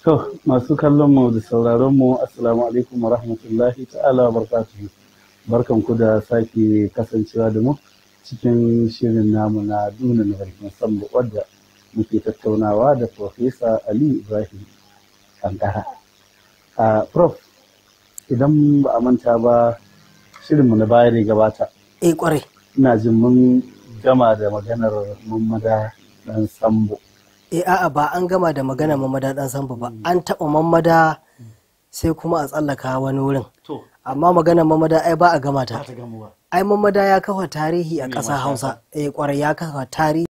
To, masu kallon mu da sauraron mu, Assalamu alaikum wa rahmatullahi ta'ala wa barakatuhu. Barkan ku da sake kasancewa da mu cikin shirin namu na duna na barkin sallu wadda muke tattaunawa da Profesa Ali Ibrahim Kankara. A Prof, idan ba a manta ba shirin mu na baya ne gabata. Eh kwarai. Ina jin mun gama da maganar mun maga dan sambo. eh a'a ba an gama da magana mamada dan samba ba an taɓa mamada sai kuma a tsallaka wani wurin amma magana mamada ai ba a gama ta ai mamada ya kafa tarihi a ƙasar hausa eh kwarai ya kafa tarihi